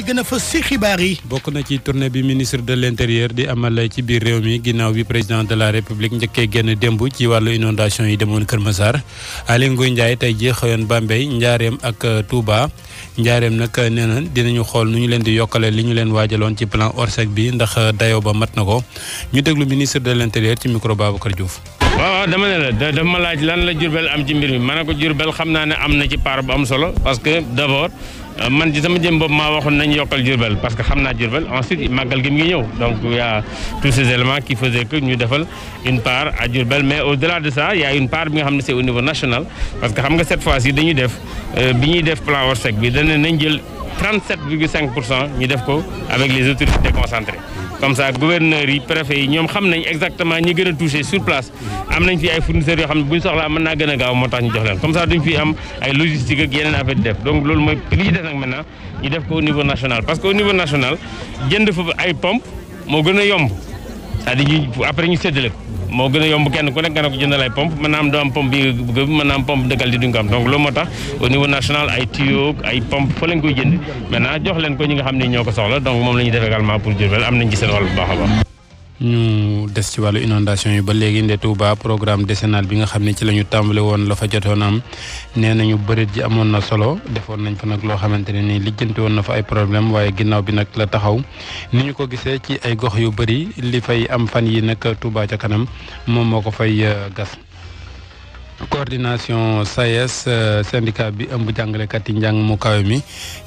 li gën a fës si xibaar bokk na ci tournée bi ministre de l' di amal ci biir réew mi ginnaaw bi président de la république njëkkee génn démb ci wàllu inondation yi demoon Kër Massar Aly Ngouille tey jii xëyoon Bambey Njaareem ak euh, Touba Njaareem nag euh, nee dinañu xool nu ñu leen di yokkale li ñu leen waajaloon ci plan Orsec bi ndax euh, dayoo ba mat na ko ñu déglu ministre de l' ci micro Babacar Diouf. waaw waaw dama ne la da dama laaj lan la Jurbel am ci mi ma ko Jurbel Euh, man ci sama jëm bopp maa waxoon nañ yokkal Diourbel parce que xam naa Diourbel ensuite màggal gi mu ngi ñëw donc il y a tous ces éléments qui faisaient que ñu defal une part à Diourbel mais au-delà de ça il y a une part bi nga xam ne c'est au niveau national parce que xam nga cette fois-ci dañuy def euh, bi ñuy def plan sec, bi danañ nañ jël 37,5 avec les autorités concentrées. comme ça la yi le yi ñoom exactement ñi sur place am nañ fi fournisseurs yoo xam comme ça duñ fi am ay logistique ak affaire donc loolu mooy li maintenant ñu def au niveau national parce que niveau national ay pompe Ah, daal après ñu séddale moo gën a yomb kenn ku nekk nga ne jëndal ay pompe mën naa am doo am pompe dëkkal di duñ ko am donc loolu moo tax au national ay tuyaux ay pompe fa lañ koy jënd maintenant jox leen ko ñi nga xam ne ñoo ko soxla donc moom la ñuy def également pour Diourbel am nañ ci seen wàll baax a baax ñu des ci wàllu inondation yi ba léegi nde Touba programme décennal bi nga xam ne ci la ñu tàmbale woon la fa jotoon am nee nañu bërit ji amoon na solo defoon nañ fa nag loo xamante ne nii lijjanti woon na fa ay problème waaye ginnaaw bi nag la taxaw ni ñu ko gisee ci ay gox yu bëri li fay am fan yi nag Touba ca kanam moom moo ko fay euh, gas coordination SAES e euh, syndicat bi ëmb jàngalekat yi njàng mu kawe mi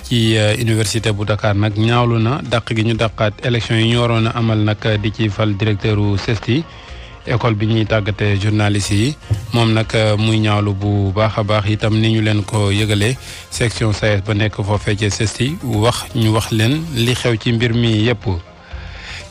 ci euh, université bu Dakar nag ñaawlu na daq gi ñu dàqaat élection yi ñu waroon a amal nag di ci fal directeur u CESTI école bi ñuy tàggate journaliste yi moom nag euh, muy ñaawlu bu baax a baax itam ni ñu leen ko yëgalee section SAES e ba nekk foofee ci CESTI wax ñu wax leen li xew ci mbir mi yépp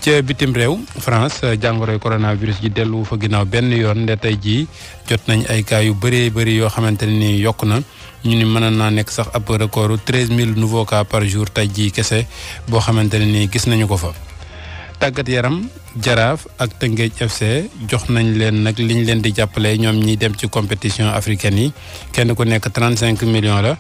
ca bitim réew France jàngoro jàngoroy coronavirus ji dellu fa ginnaaw benn yoon nde tey jii jot nañ ay cas yu bëree bëri yoo xamante ne ni yokk na ñu ni mën naa nekk sax ab record treize mille nouveaux cas par jour tey jii kese boo xamante ne nii gis nañu ko fa. tàggat yaram jaraaf ak Tëngéej FC jox nañ leen nag liñ leen di jàppale ñoom ñiy dem ci compétition africaine yi kenn ku nekk trente cinq millions la.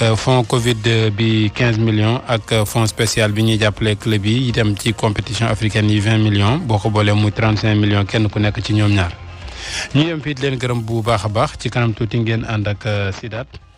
Euh, fonds Covid bi 15 millions ak euh, fonds spécial bi ñuy jàppale club yi itam ci compétition africaine yi 20 millions beaucoup de boolee 35 millions kenn ku nekk ci ñoom ñaar ñu yem fii leen gërëm bu baax a baax ci kanam tuuti ngeen ànd ak euh, Sidaat.